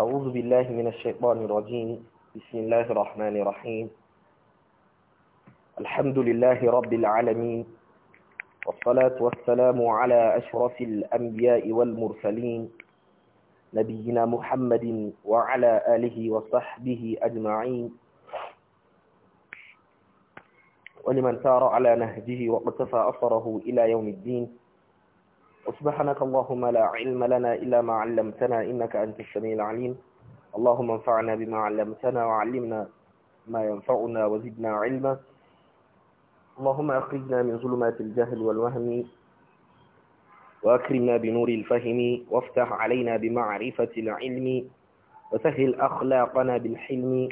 أعوذ بالله من الشيطان الرجيم بسم الله الرحمن الرحيم الحمد لله رب العالمين والصلاة والسلام على أشرف الأنبياء والمرسلين نبينا محمد وعلى آله وصحبه أجمعين ولمن سار على نهجه واقتفى أثره إلى يوم الدين سبحانك اللهم لا علم لنا إلا ما علمتنا إنك أنت السميع العليم اللهم انفعنا بما علمتنا وعلمنا ما ينفعنا وزدنا علما اللهم أخرجنا من ظلمات الجهل والوهم وأكرمنا بنور الفهم وافتح علينا بمعرفة العلم وسهل أخلاقنا بالحلم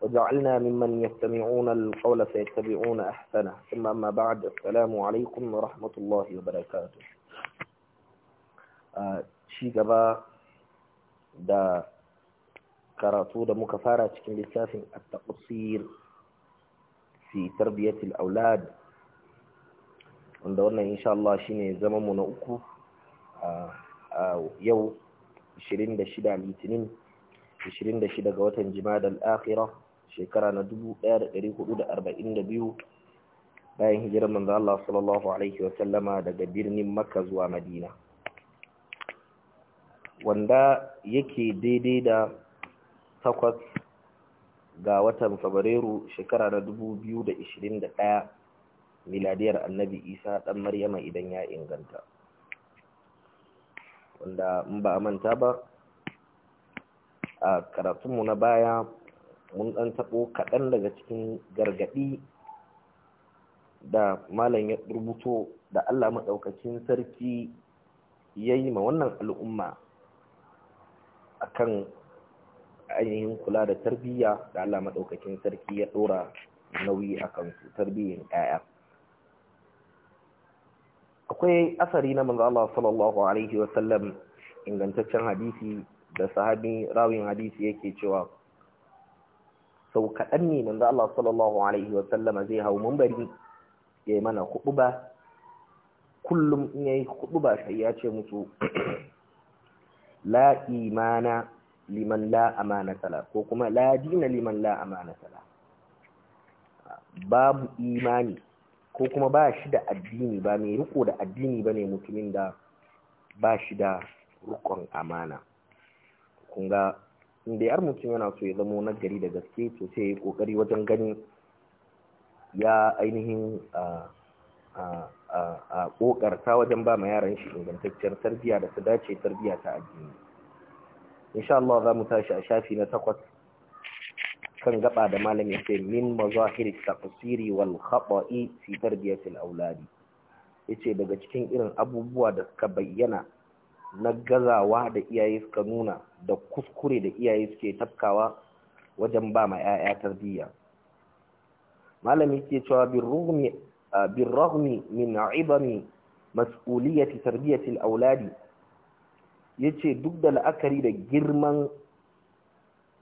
وجعلنا ممن يستمعون القول فيتبعون أحسنه ثم أما بعد السلام عليكم ورحمة الله وبركاته ci gaba da karatu da muka fara cikin littafin a taqsir fi tarbiyatil aulad wanda wannan insha Allah ne zama mu na uku a yau 26 litinin 26 ga watan jimada al-akhirah shekara na 1442 bayan hijirar manzo Allah sallallahu alaihi wa sallama daga birnin Makka zuwa Madina wanda yake daidai da takwas ga watan fabrairu shekara na ɗaya miladiyar annabi isa ɗan maryama idan ya inganta wanda in ba a manta ba a karatunmu na baya mun ɗan taɓo kaɗan daga cikin gargaɗi da malam ya rubuto da allah maɗaukacin sarki ya yi ma wannan al'umma akan ainihin kula da tarbiyya da Allah madaukakin sarki ya dora nauyi akan su tarbiyyar ƴaƴa akwai asari na manzo Allah sallallahu alaihi wa sallam ingantaccen hadisi da sahabi rawin hadisi yake cewa sau kaɗan ne manzo Allah sallallahu alaihi wa zai hau munbari ya yi mana ba kullum in yayi kuɗuba sai ya ce mutu. la imana liman la amana tala ko kuma la dina liman la amana babu imani ko kuma ba shi da addini ba mai riko da addini ba ne mutumin da ba shi da rikon amana kunga inda yar mutum yana so ya zamo na gari da gaske to sai ya kokari wajen ganin ya ainihin ah, ah, a kokarta wajen ba ma yaran shi ingantacciyar tarbiyya da ta dace tarbiyya ta addini insha Allah za mu tashi a shafi na takwas kan gaba da malam ya ce min mazahir taqsiri wal khata'i fi al auladi yace daga cikin irin abubuwa da suka bayyana na gazawa da iyaye suka nuna da kuskure da iyaye suke tafkawa wajen ba ma 'ya'ya tarbiyya malami ke cewa bin rumi بالرغم من عظم مسؤولية تربية الأولاد yace duk da la'akari da girman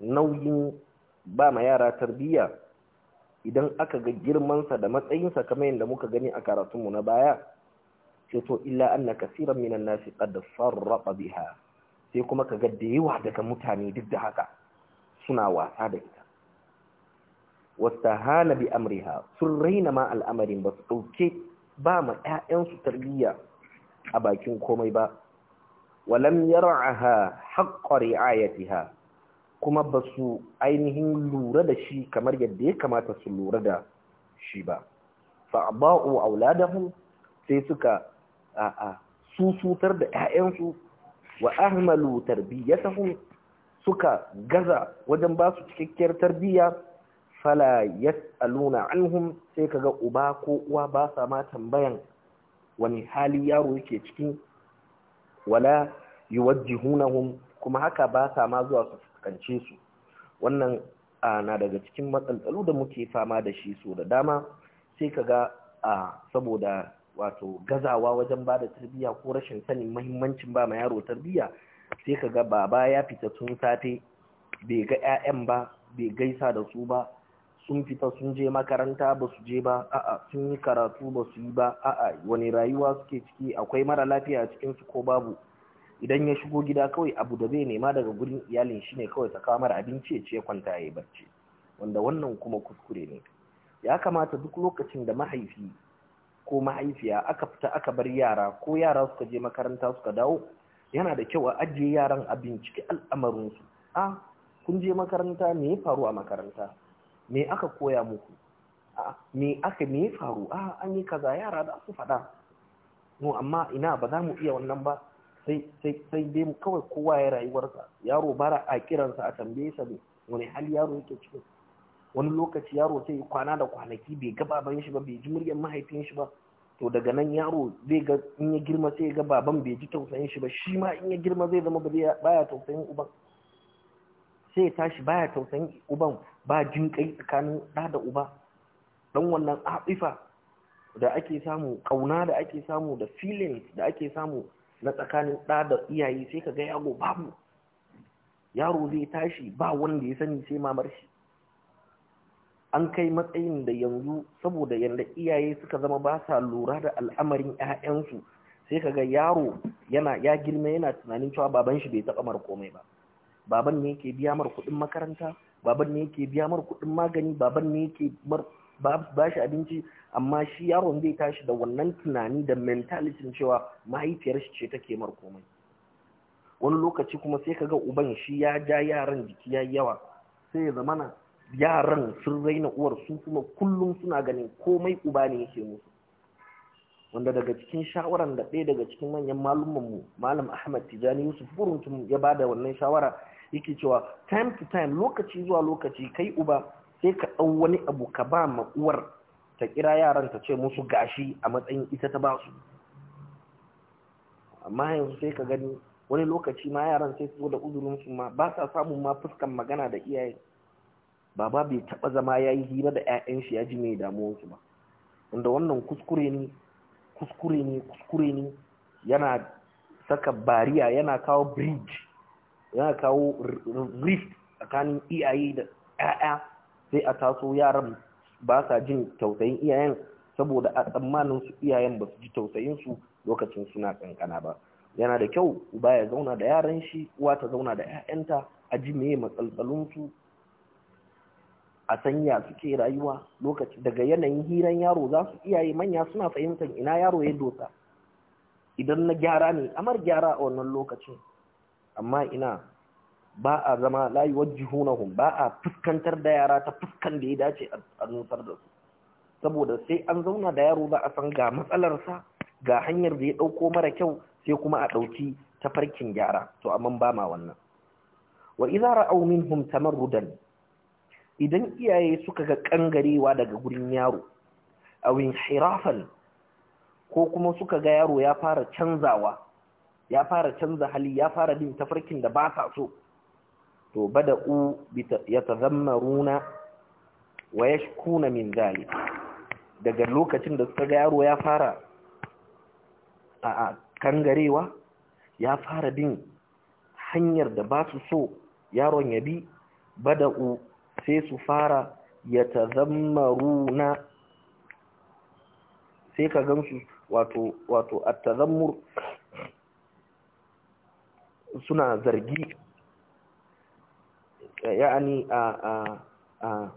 nauyin ba ma yara tarbiyya idan aka ga girmansa da matsayinsa kamar yadda muka gani a karatunmu na baya sai to illa anna kaseeran minan nasi qad farraqa biha sai kuma ka da yawa daga mutane duk da haka suna wasa da ita wastahala bi amriha sun raina ma al'amarin ba su dauke ba ma 'ya'yansu tarbiyya a bakin komai ba walam yar'aha haqqa ri'ayatiha kuma ba su ainihin lura da shi kamar yadda ya kamata su lura da shi ba fa'aba'u auladahum sai suka a'a susutar da 'ya'yansu. wa ahmalu tarbiyatahum suka gaza wajen ba su cikakkiyar tarbiyya fala yas'aluna anhum sai kaga uba ko uwa ba sa ma tambayan wani hali yaro yake cikin wala yuwajjihunahum kuma haka ba sa ma zuwa su fuskance su wannan na daga cikin matsaltsalu da muke fama da shi so da dama sai kaga a saboda wato gazawa wajen ba da tarbiyya ko rashin sanin mahimmancin ba ma yaro tarbiyya sai kaga baba ya fita tun safe bai ga 'ya'yan ba bai gaisa da su ba sun fita sun je makaranta ba su je ba a'a sun yi karatu ba su yi ba a'a wani rayuwa suke ciki akwai mara lafiya a cikin su ko babu idan ya shigo gida kawai abu da zai nema daga gurin iyalin shine kawai ta kawo mara abinci ya ce kwanta ya yi barci wanda wannan kuma kuskure ne ya kamata duk lokacin da mahaifi ko mahaifiya aka fita aka bar yara ko yara suka je makaranta suka dawo yana da kyau a ajiye yaran a bincike al'amarinsu a kun je makaranta me ya faru a makaranta me aka koya muku me aka me faru a an yi kaza yara da su faɗa no amma ina ba za mu iya wannan ba sai sai dai mu kawai kowa ya rayuwarsa yaro bara a kiransa a tambaye sa ne wani hali yaro yake cikin wani lokaci yaro sai kwana da kwanaki bai ga baban shi ba bai ji muryar mahaifin shi ba to daga nan yaro zai ga in ya girma sai ya ga baban bai ji tausayin shi ba shi ma in ya girma zai zama ba baya tausayin uban sai ya tashi baya tausayin uban ba jin kai tsakanin ɗa da uba dan wannan afifa da ake samu kauna da ake samu da feelings da ake samu na tsakanin ɗa da iyaye sai ka ga yaro babu yaro zai tashi ba wanda ya sani sai mamar shi an kai matsayin da yanzu saboda yanda iyaye suka zama ba sa lura da al'amarin 'ya'yansu sai kaga yaro yana ya girma yana tunanin cewa baban shi bai taɓa mar komai ba baban ne yake biya mar kuɗin makaranta baban ne yake biya mar kuɗin magani baban ne yake ba shi abinci amma shi yaron zai tashi da wannan tunani da mentalitin cewa mahaifiyar shi ce take mar komai wani lokaci kuma sai ka ga uban shi ya ja yaran jiki ya yawa sai ya zamana yaran sun raina uwar sun kuma kullum suna ganin komai uba ne yake musu wanda daga cikin shawaran da ɗaya daga cikin manyan mu malam ahmad tijani yusuf buruntun ya bada wannan shawara yake cewa time to time lokaci zuwa lokaci kai uba sai ka ɗau wani abu ka ba ma uwar ta kira yaran ta ce musu gashi a matsayin ita ta ba su amma yanzu sai ka gani wani lokaci ma yaran sai su zo da uzurin su ma ba sa samun ma fuskan magana da iyaye baba bai taba zama ya yi hira da 'ya'yan shi ya ji mai damuwar su ba wanda wannan kuskure ne kuskure ne kuskure ne yana saka bariya yana kawo bridge ya kawo rift tsakanin iyaye da ƴaƴa sai a taso yaran ba sa jin tausayin iyayen saboda a tsammanin su iyayen ba su ji tausayin su lokacin suna kankana ba yana da kyau uba ya zauna da yaran shi uwa ta zauna da ƴaƴanta a ji meye matsaltsalun su a sanya suke rayuwa lokaci daga yanayin hiran yaro za su iyaye manya suna fahimtar ina yaro ya dosa idan na gyara ne amar gyara a wannan lokacin amma ina ba a zama layi wajihunahum ba a fuskantar da yara ta fuskan da ya dace a nutsar da su saboda sai an zauna da yaro za a san ga matsalarsa ga hanyar da ya ɗauko mara kyau sai kuma a ɗauki tafarkin gyara to amma ba ma wannan wa idza ra'aw minhum tamarrudan idan iyaye suka ga kangarewa daga gurin yaro aw inhirafan ko kuma suka ga yaro ya fara canzawa ya fara canza hali ya fara bin tafarkin da ba sa so to bada bada'u yatazammaruna wa yashkuna min zali daga lokacin da suka ga yaro ya fara a kangarewa ya fara bin hanyar da ba su so yaron ya bi Bada u sai su fara ya yatazammaruna sai ka gansu wato wato a tazammur suna zargi yani a a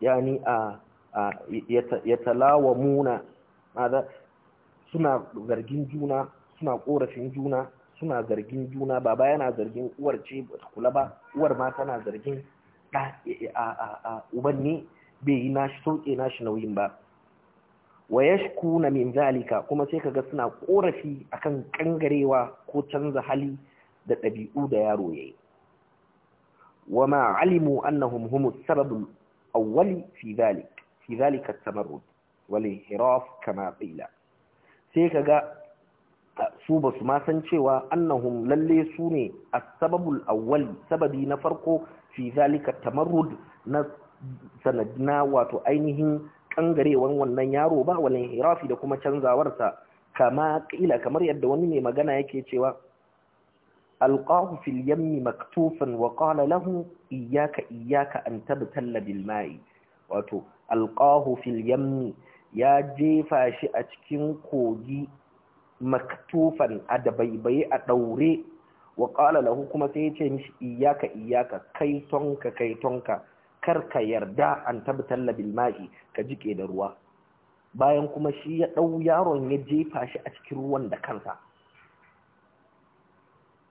yani a suna zargin juna suna korafin juna suna zargin juna baba yana zargin uwar ce kula ba uwar ma tana zargin a a a uban ne bai yi nashi sauke nashi nauyin ba wa na min zalika kuma sai kaga suna korafi akan kangarewa ko canza hali da ɗabi'u da yaro yayi wa ma alimu annahum humus sababul awwali fi zalik fi zalika tamarrud wal inhiraf kama qila sai kaga su ba su ma san cewa annahum lalle su ne a sababul awwal sababi na farko fi zalika tamarrud na sanadna wato ainihin kangarewan wannan yaro ba wani hirafi da kuma canzawarsa kama ƙila kamar yadda wani mai magana yake cewa alqahu fil yammi maktufan wa qala lahu iyyaka iyyaka an tabtalla bil ma'i wato alqahu fil yammi ya jefa shi a cikin kogi maktufan a dabaibaye a daure wa qala lahu kuma sai ya ce mishi iyyaka iyyaka kaitonka kaitonka kar ka yarda an tabtalla bil ma'i ka jike da ruwa bayan kuma shi ya dau yaron ya jefa shi a cikin ruwan da kansa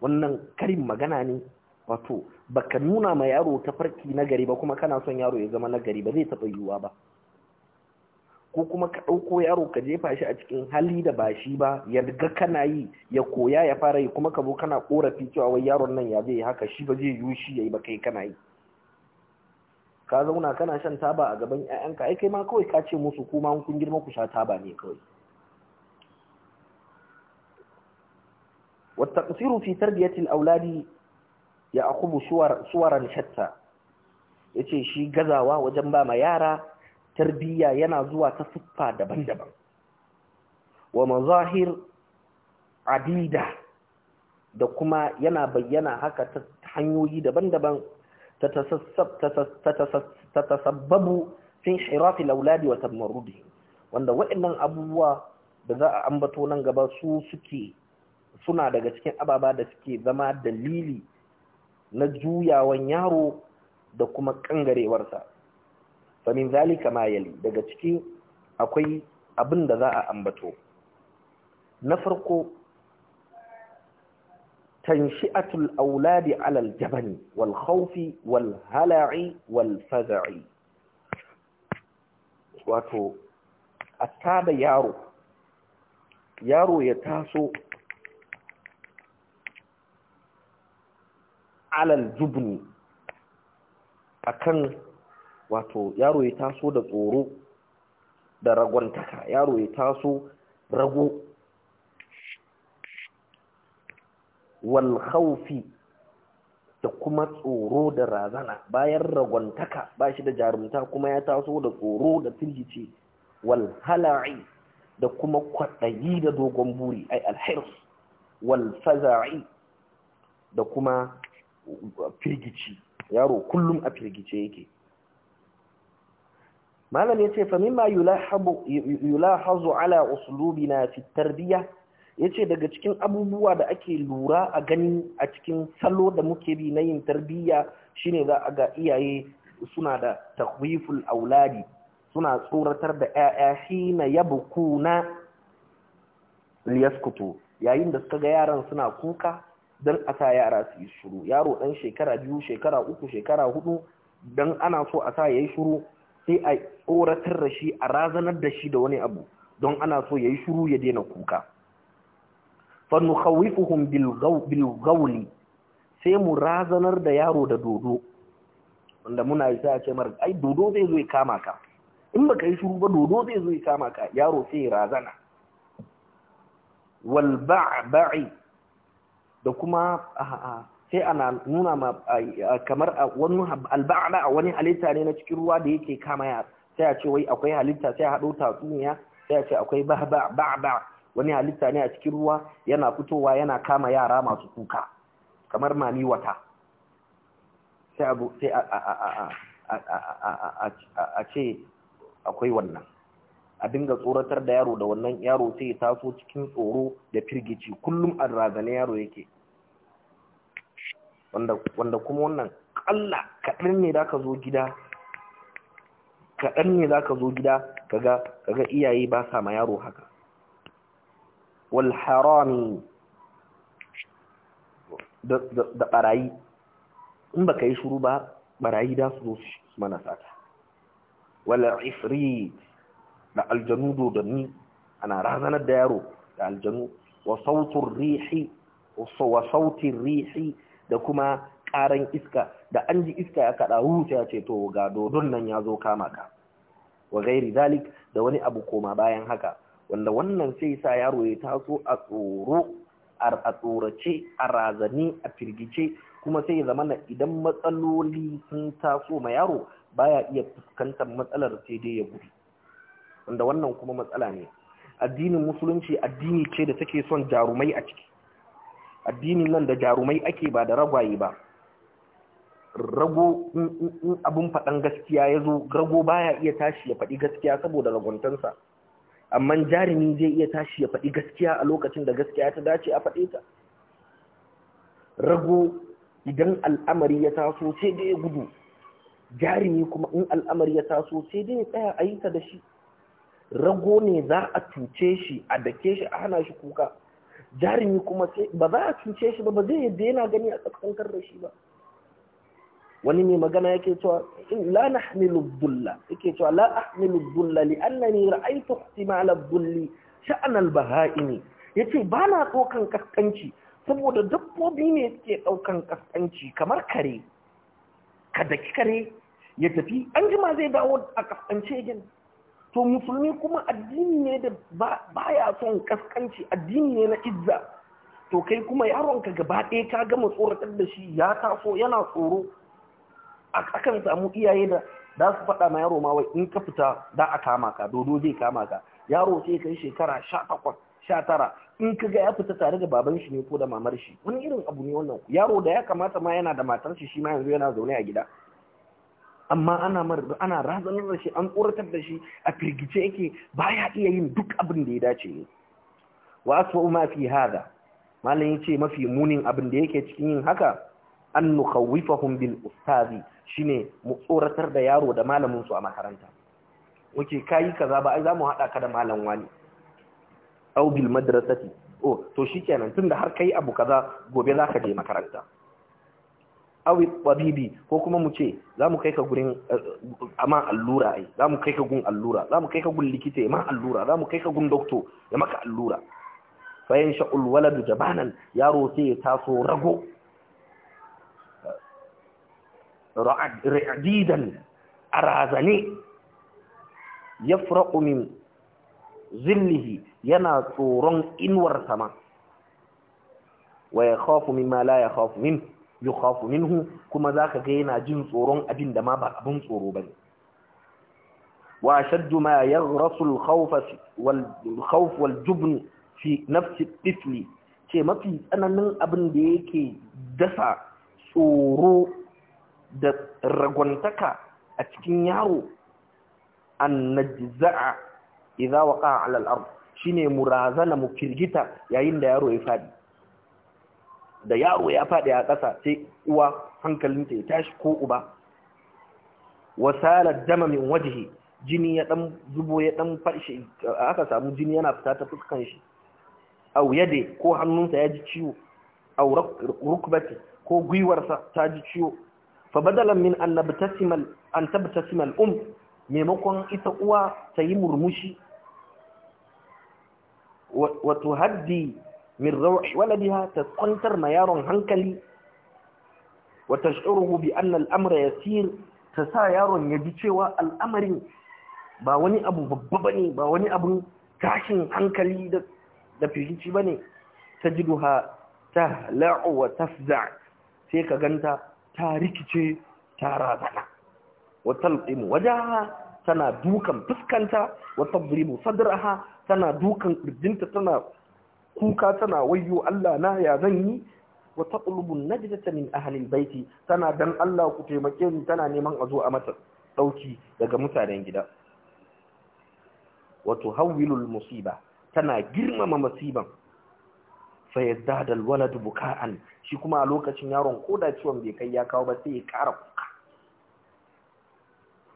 wannan karin magana ne wato baka nuna ma yaro ta farki na gari ba kuma kana son yaro ya zama na gari ba zai taɓa yiwuwa ba ko kuma ka ɗauko yaro ka jefa shi a cikin hali da ba shi ba ya kana yi ya koya ya fara yi kuma ka zo kana korafi cewa wai yaron nan ya zai haka shi ba zai yiwu shi ya yi ba kai kana yi ka zauna kana shan taba a gaban 'ya'yanka, ai kai ma kawai ka ce musu kuma kun girma ku sha taba ne kawai fi في auladi ya يأخذ suwaran Shatta, ya yace shi gazawa wajen ba ma yara tarbiyya yana zuwa ta siffa daban-daban wa mazahir adida da kuma yana bayyana haka ta hanyoyi daban-daban tatasabbabu fi shirafi lauladi wa tamarrudi wanda waɗannan abubuwa da za a ambato nan gaba su suke suna daga cikin ababa da suke zama dalili na juyawan yaro da kuma kangarewarsa min zalika ma yali daga cikin akwai abin da za a ambato na farko tanshi'atul auladi alal jabani wal khawfi wal hala'i wal faza'i wato a tada yaro yaro ya taso alal jubni akan wato yaro ya taso da tsoro da ragwantaka yaro ya taso rago Walhaufi da kuma tsoro da razana bayan ragwantaka ba shi da jarumta kuma ya taso da tsoro da firgice wal da kuma kwaɗayi da dogon buri ai alhirs wal da kuma firgici yaro kullum a firgice yake malam yace fa mimma yulahabu yulahazu ala uslubina fi tarbiyya ya ce daga cikin abubuwa da ake lura a gani a cikin salo da muke bi na yin tarbiyya shine za a ga iyaye suna da takwiful auladi suna tsoratar da 'ya'ya yabu kuna liyaskuto yayin da suka ga yaran suna kuka don a sa yara su yi shuru yaro ɗan shekara biyu shekara uku shekara hudu don ana so a sa ya yi shuru sai a tsoratar da shi a razanar da shi da wani abu don ana so ya yi shuru ya daina kuka fa nukhawifuhum bil gawli sai mu razanar da yaro da dodo wanda muna yi sai a ce mara ai dodo zai zo ya kama ka in baka yi shiru ba dodo zai zo ya kama ka yaro sai ya razana wal ba'ba'i da kuma sai ana nuna ma kamar wani alba'ala a wani halitta ne na cikin ruwa da yake kama ya sai a ce wai akwai halitta sai a haɗo tatsuniya sai a ce akwai ba'ba wani halitta ne a cikin ruwa yana fitowa yana kama yara masu kuka kamar mami wata sai a ce akwai wannan a dinga tsoratar da yaro da wannan yaro sai ya taso cikin tsoro da firgici kullum a razane yaro yake wanda kuma wannan kalla kaɗan ne za ka zo gida kaɗan ne za ka zo gida kaga iyaye ba sa ma yaro haka wal harami da barayi in baka yi shuru ba barayi da su zo su mana sata wal ifrit da da dodanni ana razanar da yaro da aljanu wa sautur rihi wa sautin rihi da kuma karan iska da an ji iska ya kada huta ya ce to ga dodon nan ya zo kama ka wa gairi zalik da wani abu koma bayan haka wanda wannan sai sa yaro ya taso a tsoro a tsorace a razani a firgice kuma sai ya zama na idan matsaloli sun taso ma yaro baya iya fuskantar matsalar sai dai ya gudu wanda wannan kuma matsala ne addinin musulunci addini ce da take son jarumai a ciki addinin nan da jarumai ake ba da ragwaye ba rago in abin faɗan gaskiya ya zo rago baya iya tashi ya faɗi gaskiya saboda raguntansa amma jarumi zai iya tashi ya faɗi gaskiya a lokacin da gaskiya ta dace a faɗe ta rago idan al'amari ya taso sai dai ya gudu jarumi kuma in al'amari ya taso sai dai ya tsaya a yi ta da shi rago ne za a cuce shi a dake shi a hana shi kuka jarumi kuma baza ba za a cuce shi ba ba zai yadda yana gani a tsakankan da shi ba wani mai magana yake cewa la nahmilu dhulla yake cewa la ahmilu dhulla li annani ra'aytu ihtimala dhulli sha'an al-baha'imi yace ba na ɗaukan kaskanci saboda dabbobi ne suke ɗaukan kaskanci kamar kare ka daki kare ya tafi an jima zai dawo a kaskance gin to musulmi kuma addini ne da baya son kaskanci addini ne na izza to kai kuma yaronka gaba ɗaya ka gama tsoratar da shi ya taso yana tsoro a akan samu iyaye da za su faɗa ma yaro ma wai in ka fita da a kama ka dodo zai kama ka yaro sai kai shekara sha takwas tara in ka ga ya fita tare da baban shi ne ko da mamar shi wani irin abu ne wannan yaro da ya kamata ma yana da matar shi shi ma yanzu yana zaune a gida amma ana mar ana razanar da shi an tsoratar da shi a firgice yake baya iya yin duk abin da ya dace ne wa asfa'u ma fi hada malam yace mafi munin abin da yake cikin yin haka an nukhawifahum bil ustazi shine mu tsoratar da yaro da malamin su a makaranta wuce kayi kaza ba ai zamu hada ka da malam wani au bil madrasati oh to shikenan tunda har kai abu kaza gobe zaka je makaranta awi tabibi ko kuma mu ce zamu kai ka gurin eh, amma allura ai zamu kai ka gun allura zamu kai ka gun likita ma allura zamu kai ka gun dokto ya maka allura fa yansha'ul waladu jabanan yaro sai ya taso rago ra'adidan arazani razane ya min zillihi yana tsoron inuwar sama wa ya khafu min ma ya khafu min ya khafu minhu kuma zaka ga yana jin tsoron abin ma ba abin tsoro bane wa shaddu ma yaghrasu al-khawf wal khawf wal jubn ce mafi tsananin abin da yake dasa tsoro da ragwantaka a cikin yaro an najza'a idza waqa'a 'ala al-ard shine murazana mu kirgita yayin da yaro ya fadi da yaro ya fadi a ƙasa sai uwa hankalinta ya tashi ko uba wasala dama min wajhi jini ya dan zubo ya dan farshe aka samu jini yana fita ta fuskan shi aw yade ko hannunsa ya ji ciwo aw rukbati ko gwiwarsa ta ji ciwo fa badalan min an nabtasimal an tabtasimal um maimakon ita uwa ta yi murmushi wa haddi, min raw'i waladiha ta kwantar ma yaron hankali wa tash'uruhu bi anna al ya yasir ta sa yaron ya ji cewa al'amarin ba wani abu babba ne, ba wani abu tashin hankali da da firgici bane tajiduha tahla'u wa tafza' sai ka ganta ta rikice ta razana wa talqimu wajaha tana dukan fuskanta wa tadribu sadraha tana dukan ƙirjinta tana kuka tana wayyo Allah na ya zan yi wa taqlubu najdata min ahli baiti tana dan Allah ku taimake ni tana neman a zo a mata ɗauki daga mutanen gida wa tuhawwilu musiba tana girmama masiban. fa yazdada alwalad buka'an shi kuma a lokacin yaron koda ciwon bai kai ya kawo ba sai ya kara kuka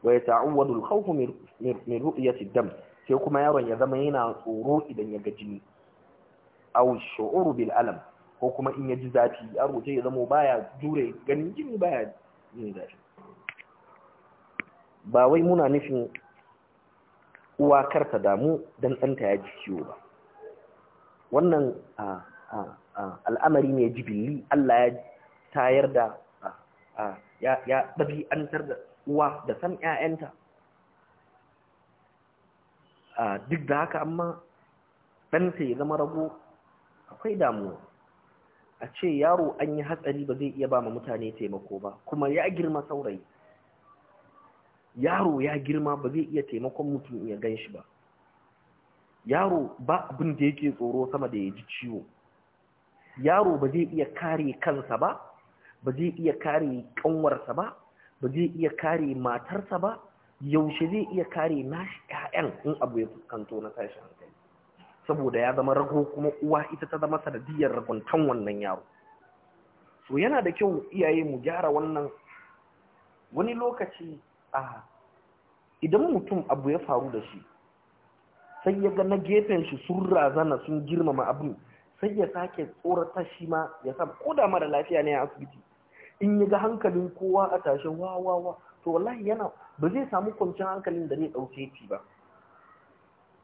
wa yata'awwadu alkhawfu min ru'yati dam sai kuma yaron ya zama yana tsoro idan ya ga jini aw shu'uru bil alam ko kuma in ya ji zafi yaro sai ya zama baya jure ganin jini baya jin zafi ba wai muna nufin uwa karta damu dan ɗanta ya ji ciwo ba wannan a ah, al'amari mai jibili Allah ya tayar da ya ɗabi'antar da uwa da san ‘ya'yanta duk da haka amma ɗansa ya zama rago akwai damuwa a ce yaro an yi hatsari ba zai iya ba ma mutane taimako ba kuma ya girma saurayi yaro ya girma ba zai iya taimakon mutum ya gan shi ba yaro ba abin da yake tsoro sama da ya ji ciwo yaro ba zai iya kare kansa ba ba zai iya kare kanwarsa ba ba zai iya kare matarsa ba yaushe zai iya kare nashi ƴaƴan in abu ya fuskanto na tashi hankali saboda ya zama rago kuma uwa ita ta zama sanadiyar raguntan wannan yaro so yana da kyau iyaye mu gyara wannan wani lokaci a idan mutum abu ya faru da shi sai ya ga na gefen shi sun razana sun girmama abin sai ya sake tsorata shi ma ya sa ko da mara lafiya ne a asibiti in ya ga hankalin kowa a tashe wa wa wa to wallahi yana ba zai samu kwanciyar hankalin da zai ɗauke shi ba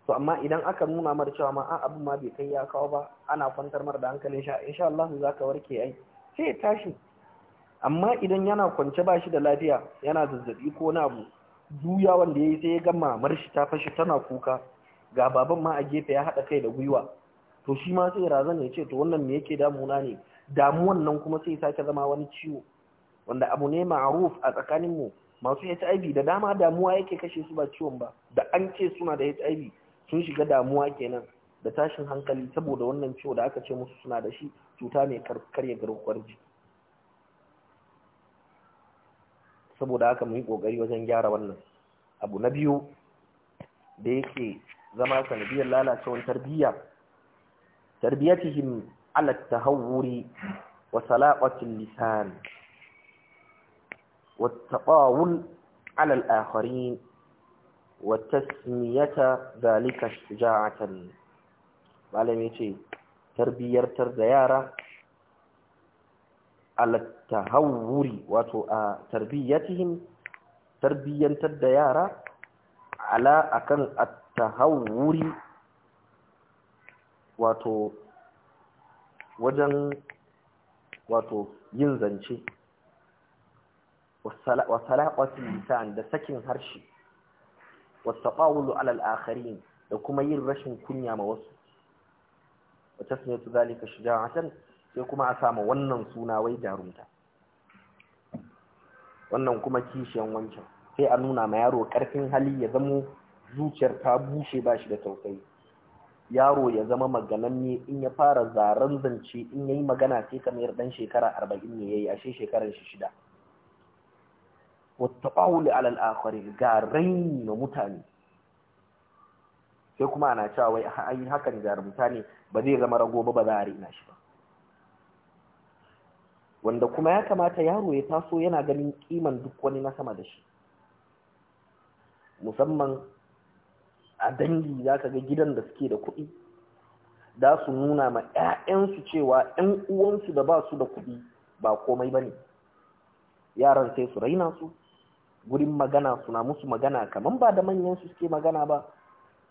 to amma idan aka nuna mara cewa ma abin ma bai kai ya kawo ba ana kwantar mara da hankalin sha insha Allah za ka warke ai sai ya tashi amma idan yana kwance ba shi da lafiya yana zazzabi ko na abu juya wanda ya yi sai ya gama mamar shi ta fashi tana kuka ga baban ma a gefe ya haɗa kai da gwiwa to shi ma sai razan ya ce to wannan me yake damuna ne damuwan nan kuma sai sake zama wani ciwo wanda abu ne maaruf a tsakanin mu masu HIV da dama damuwa yake kashe su ba ciwon ba da an ce suna da HIV sun shiga damuwa kenan da tashin hankali saboda wannan ciwo da aka ce musu suna da shi cuta mai karya garkuwar jiki saboda haka mu yi kokari wajen gyara wannan abu na biyu da yake zama sanadiyar lalacewar tarbiyya تربيتهم على التهور وسلاقة اللسان والتطاول على الآخرين وتسمية ذلك شجاعة معلم تربية ترزيارة على التهور وتربيتهم آه، تربية ترزيارة على أكن التهور wato wajen wato yin zance wasalaqatul lisan da sakin harshe wasaqawlu ala al-akharin da kuma yin rashin kunya ma wasu wata sunan su zalika shuja'atan sai kuma a sama wannan suna wai jarumta wannan kuma kishiyan wancan sai a nuna ma yaro karfin hali ya zamo zuciyar ta bushe ba shi da tausayi yaro ya zama magananne in ya fara zaren zance in ya yi magana sai kamar dan shekara arba'in ne ya yi ashe shekaran shi shida wata ala alal akwari ga raini na mutane sai kuma ana cewa wai yi hakan jarumta ne ba zai zama rago ba ba za a rina shi ba wanda kuma ya kamata yaro ya taso yana ganin kiman duk wani na sama da shi musamman a dangi za ka ga gidan da suke da kuɗi da su nuna ma 'ya'yansu cewa 'yan uwansu da ba su da kuɗi ba komai ba ne yaran sai su raina su gurin magana suna musu magana kamar ba da manyan su suke magana ba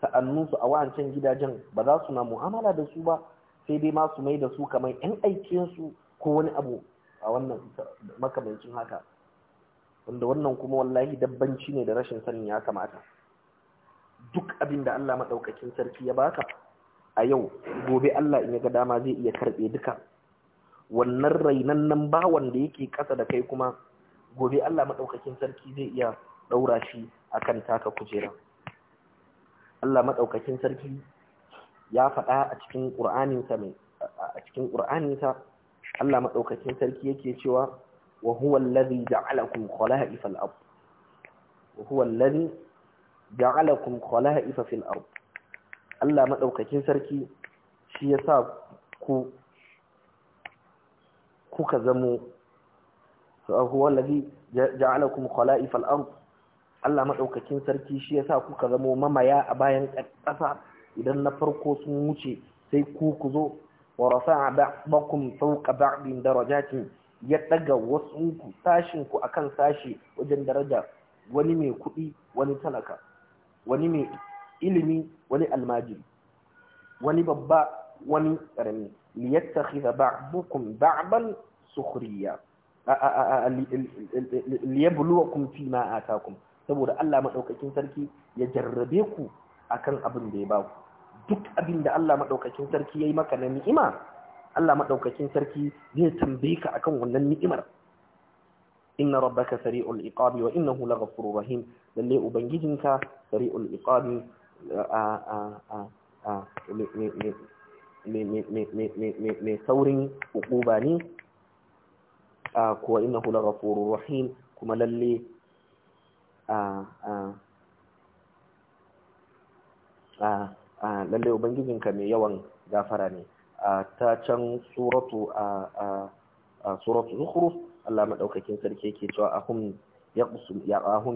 sa'annunsu a wa'ancan gidajen ba za su na mu'amala da su ba sai dai ma su mai da su kamar 'yan aikinsu ko wani abu a wannan makamancin haka wanda wannan kuma wallahi dabbanci ne da rashin sanin ya kamata duk abin da Allah maɗaukakin sarki ya baka a yau gobe Allah in ya ga dama zai iya karɓe duka wannan rainan nan ba wanda yake ƙasa da kai kuma gobe Allah maɗaukakin sarki zai iya ɗaura shi a kan taka kujera Allah maɗaukakin sarki ya faɗa a cikin ƙur'aninsa mai a cikin ƙur'aninsa Allah maɗaukakin sarki yake cewa wa huwa allazi ja'alakum khala'ifal ard wa huwa allazi ja'alakum khala'ifa fil ard Allah madaukakin sarki shi yasa ku kuka zamo huwa ja'alakum khala'ifa al ard Allah madaukakin sarki shi yasa kuka zamo mamaya a bayan ƙasa idan na farko sun wuce sai ku ku zo wa rafa'a ba'dakum fawqa ba'din darajatin ya daga wasu ku tashin ku akan sashi wajen daraja wani mai kuɗi wani talaka wani mai ilimi wani almajiri wani babba wani ƙarami liyattakhidha ba'dukum ba'dan sukhriya liyabluwakum fi ma atakum saboda Allah madaukakin sarki ya jarrabe ku akan abin da ya ba ku duk abin da Allah madaukakin sarki yayi maka na ni'ima Allah madaukakin sarki zai tambaye ka akan wannan ni'imar inna rabbaka sari'ul iqabi wa innahu laghafurur rahim lalle ubangijinka sari'ul iqabi Me saurin hukuba ne kuwa innahu laghafurur rahim kuma lalle lalle ubangijinka mai yawan gafara ne ta can suratu suratu zukhruf Allah maɗaukakin sarki yake cewa ahum ya ahum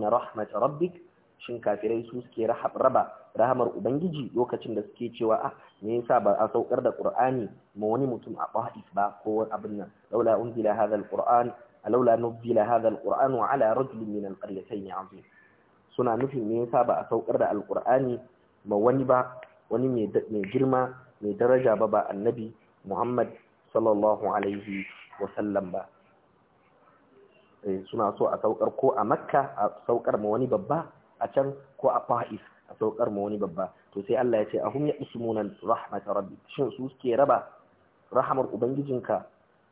na rahmat rabbik shin kafirai su suke raba rahamar ubangiji lokacin da suke cewa ah me yasa ba a saukar da qur'ani ma wani mutum a bahis ba ko abin nan laula unzila hadha alquran laula nuzila hadha alquran ala rajulin min alqaryatayn azim suna nufin me yasa ba a saukar da alqur'ani ma wani ba wani mai girma mai daraja ba ba annabi muhammad sallallahu alaihi wasallam ba eh, suna so a saukar ko a makka a saukar ma wani babba a can ko a fa'is a saukar ma wani babba to sai Allah ya ce ahum ya ismuna rahmatar rabbi shin su suke raba rahamar ubangijinka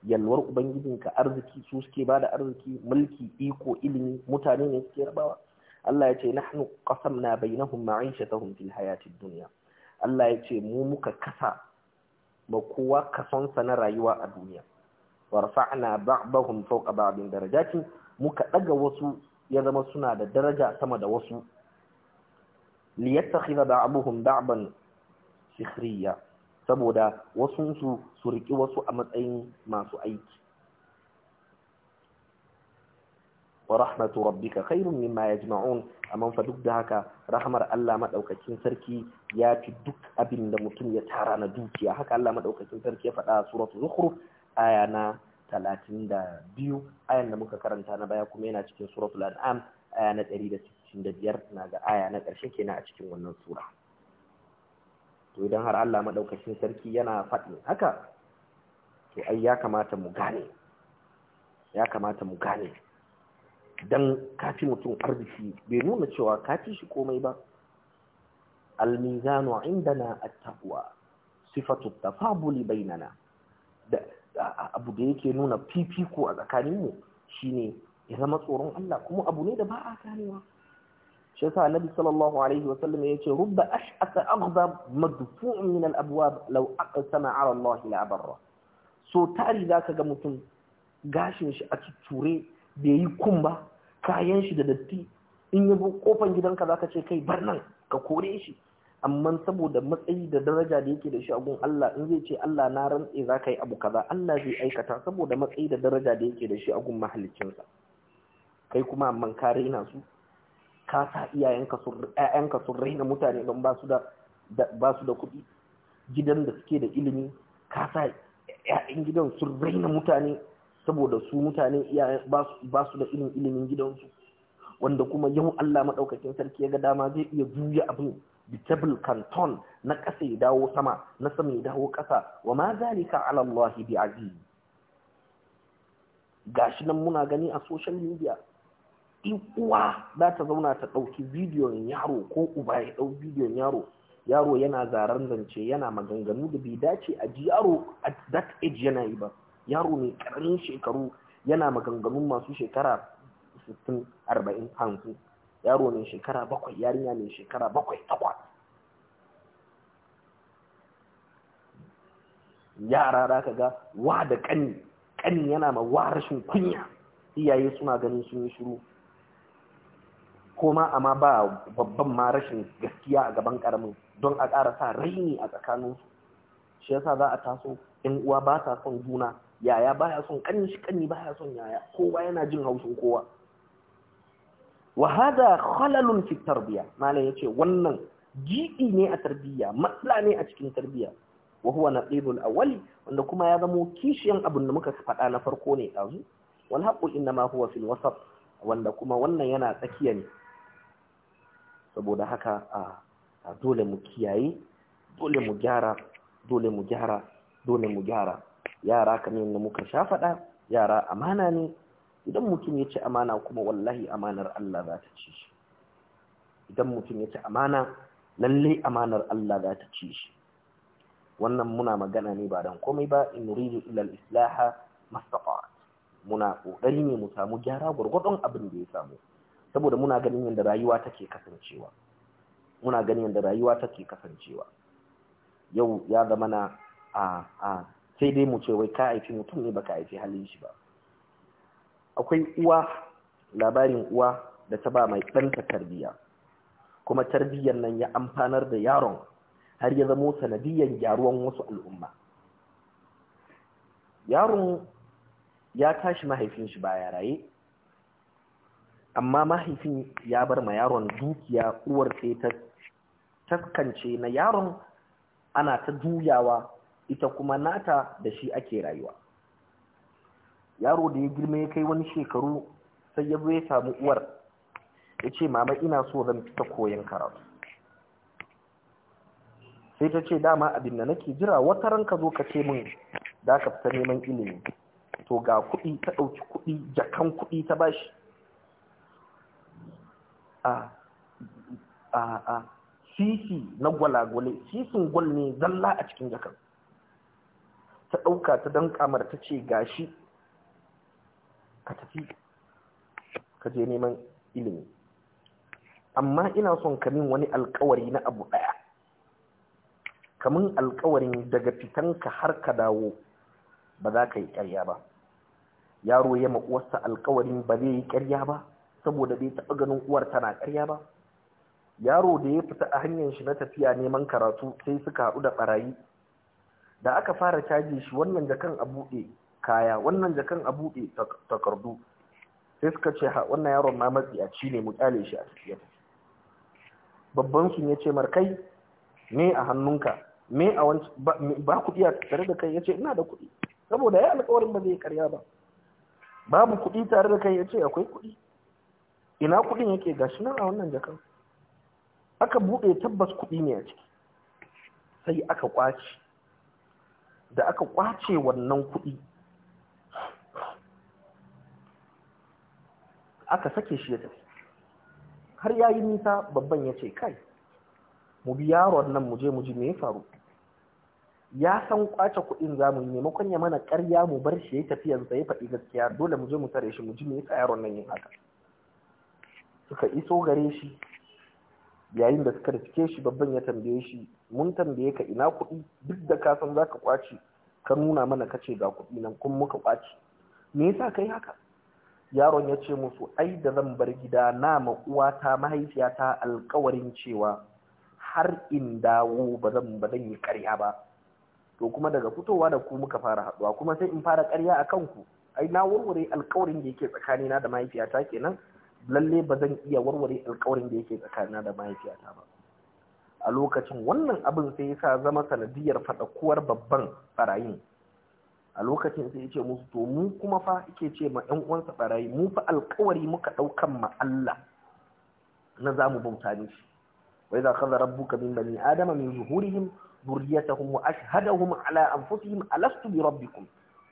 yalwar ubangijinka arziki su suke bada arziki mulki iko ilimi mutane ne suke rabawa Allah ya ce nahnu qasamna bainahum ma'ishatahum fil hayatid dunya Allah ya ce mu muka kasa ba kowa kasonsa na rayuwa a duniya warfa'na ba'dahum fawqa ba'din darajatin muka daga wasu ya zama suna da daraja sama da wasu liyattakhidha ba'dahum daban sikhriya saboda wasu su su riki wasu a matsayin masu aiki wa rahmatu rabbika khairun mimma yajma'un amma fa duk da haka rahmar Allah madaukakin sarki ya fi duk abin da mutum ya tara na dukiya haka Allah madaukakin sarki ya faɗa a suratul zukhruf aya na talatin da biyu, ayan da muka karanta na baya kuma yana cikin suratul an'am aya na ɗari da da sittin biyar na ga aya na ƙarshe kenan a cikin wannan sura to idan har Allah maɗaukacin sarki yana faɗin haka to ai ya kamata mu gane ya kamata mu gane dan kafi mutum arziki bai nuna cewa kafi shi komai ba al-mizanu indana at-taqwa sifatu at-tafabuli bainana abu da yake nuna fifiko a tsakanin tsakaninmu shine ya zama tsoron Allah kuma abu ne da ba a ganewa shi yasa annabi sallallahu alaihi wa sallam yace rubba ash'aka aghdab madfu'un min al-abwab law aqsama 'ala Allah la barra. so tari ka ga mutum gashin shi a cicture bai yi kumba kayan shi da datti in yabo kofan gidanka zaka ce kai bar nan ka kore shi amma saboda matsayi da daraja da yake da shi a gun Allah in zai ce Allah na rantse za ka yi abu kaza Allah zai aikata saboda matsayi da daraja da yake da shi a gun mahaliccinsa kai kuma amman ka raina su ka sa iyayenka sun ƴaƴanka sun raina mutane don ba su da ba su da kuɗi gidan da suke da ilimi ka sa ƴaƴan gidan sun raina mutane saboda su mutane iyayen ba su da irin ilimin gidansu wanda kuma yau Allah madaukakin sarki ya ga dama zai iya juya abin Table kanton na ƙasa ya dawo sama na sama ya dawo ƙasa wa ma zalika ala Allah bi aziz gashi nan muna gani a social media in uwa za ta zauna ta ɗauki bidiyon yaro ko uba ya ɗau bidiyon yaro yaro yana zaren zance yana maganganu da bai dace a ji yaro at that age yana yi ba yaro mai ƙaramin shekaru yana maganganun masu shekara 60 40 50 yaro mai shekara bakwai yarinya mai shekara bakwai takwas yara da ka ga wa da kani kani yana ma wa rashin kunya iyaye suna ganin sun yi shiru ko ma amma ba babban ma rashin gaskiya a gaban karamin don a ƙara sa raini a tsakaninsu shi yasa za a taso in uwa ba ta son juna yaya ba ya son kani shi ba ya son yaya kowa yana jin haushin kowa wa hada khalalun fi tarbiya mala yace wannan gidi ne a tarbiya matsala ne a cikin tarbiya wa huwa naqibul awwali wanda kuma ya zamo kishiyan abin da muka faɗa na farko ne dazu wal haqqu ma huwa fil wasat wanda kuma wannan yana tsakiya ne saboda haka a dole mu kiyaye dole mu gyara dole mu gyara dole mu gyara yara kamar yadda muka sha faɗa yara amana ne idan mutum ya ci amana kuma wallahi amanar Allah za ta ci shi idan mutum ya ci amana lalle amanar Allah za ta ci shi wannan muna magana ne ba dan komai ba in nuridu illa al-islaha mastaqat muna kokari ne mu samu gyara gurgurdon abin da ya samu saboda muna ganin yadda rayuwa take kasancewa muna ganin yadda rayuwa take kasancewa yau ya zama na a a sai dai mu ce wai ka aiki mutum ne baka aiki halin shi ba akwai uwa labarin uwa da ta ba mai ɗanta tarbiyya kuma tarbiyyar nan ya amfanar da yaron har ya zamo sanadiyyar gyaruwan wasu al'umma yaron ya tashi mahaifin shi baya raye amma mahaifin ya bar ma yaron dukiya uwar sai ta taskance na yaron ana ta juyawa ita kuma nata da shi ake rayuwa yaro da ya girma ya kai wani shekaru sai ya zo ya samu uwar ya ce mama ina so zan fita koyan karatu sai ta ce dama abin da nake jira wata ranka zo ka ce min da ka fita neman ilimi to ga kuɗi ta ɗauki kuɗi jakan kuɗi ta bashi a a a sisi na gwalagwale sisin gwal ne zalla a cikin jakan ta ɗauka ta dan kamar ta ce gashi ka tafi ka je neman ilimi amma ina son min wani alkawari na abu daya kamin alkawarin daga fitanka har ka dawo ba za ka yi ƙarya ba yaro ya maƙuwarsa alkawarin ba zai yi ƙarya ba saboda bai taɓa ganin uwar tana ƙarya ba yaro da ya fita a hanyar shi na tafiya neman karatu sai suka haɗu da ɓarayi da aka fara caji shi wannan kan a buɗe kaya wannan jakan a buɗe takardu sai suka ce wannan yaron na matsi a ci ne mu kyale shi a cikin babban sun ya ce markai me a hannunka me a wancan ba kuɗi a tare da kai ya ce ina da kuɗi saboda ya alƙawarin ba zai karya ba babu kuɗi tare da kai ya ce akwai kuɗi ina kuɗin yake shi nan a wannan jakan aka buɗe tabbas kuɗi ne a ciki sai aka kwace da aka kwace wannan kuɗi aka sake shi ya tafi har ya yi nisa babban ya ce kai mu bi yaron nan mu je mu ji me ya faru ya san kwace kuɗin zamu yi maimakon ya mana ƙarya mu bar shi yayi tafiyan sa ya faɗi gaskiya dole mu je mu tare shi mu ji me yasa yaron nan yin haka suka iso gare shi yayin da suka rufe shi babban ya tambaye shi mun tambaye ka ina kuɗi duk da ka san za ka kwace ka nuna mana ka ce ga kuɗi nan kuma muka kwace me yasa ka yi haka yaron ya ce musu ai da zan bar gida na ma uwata mahaifiyata alkawarin cewa har in dawo ba zan ba zan yi ƙarya ba to kuma daga fitowa da ku muka fara haɗuwa kuma sai in fara ƙarya a kanku ai na warware alkawarin da yake tsakanina da mahaifiyata kenan lalle ba zan iya warware alkawarin da yake tsakanina da mahaifiyata ba a lokacin wannan abin sai ya sa zama sanadiyar faɗakuwar babban barayin a lokacin sai yace musu to mu kuma fa yake ce ma ɗan uwansa barayi mu fa alƙawari muka ɗaukan ma Allah na zamu bauta mishi wa idza khadha rabbuka min bani adama min zuhurihim dhurriyyatahum wa ashhadahum ala anfusihim alastu bi rabbikum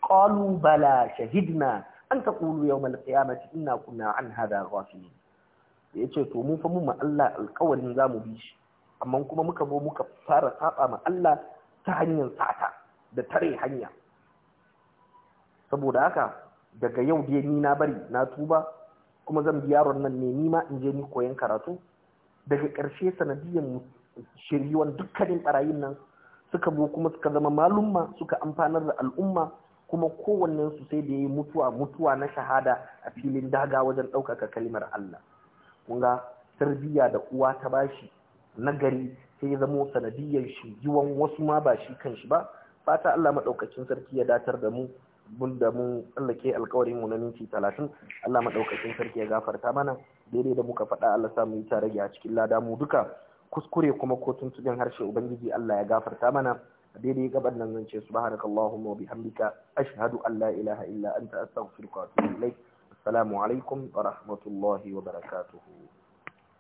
qalu bala shahidna an taqulu yawm alqiyamati inna kunna an hadha ghafilin yace to mu fa mu ma Allah alƙawarin zamu bi shi amma kuma muka zo muka fara saba ma Allah ta hanyar sata da tare hanya saboda haka daga yau dai ni na bari na tuba kuma zan bi yaron nan ne nima in je ni koyan karatu daga ƙarshe sanadiyan shiriwan dukkanin barayin nan suka zo kuma suka zama malumma suka amfanar da al'umma kuma kowanne su sai da ya yi mutuwa mutuwa na shahada a filin daga wajen ɗaukaka kalimar Allah kun ga tarbiyya da uwa ta bashi nagari sai ya zamo sanadiyyar shi yiwan wasu ma ba shi kan shi ba fata Allah maɗaukacin sarki ya datar da mu mun da mun tsallake alkawarin mu na minti talatin Allah maɗaukacin sarki ya gafarta mana daidai da muka faɗa Allah samu yi ta rage a cikin lada mu duka kuskure kuma ko tuntuɓin harshe ubangiji Allah ya gafarta mana daidai gaban nan zance subhanakallahumma wa bihamdika ashhadu an la ilaha illa anta astaghfiruka wa atubu ilaik assalamu alaikum wa rahmatullahi wa barakatuhu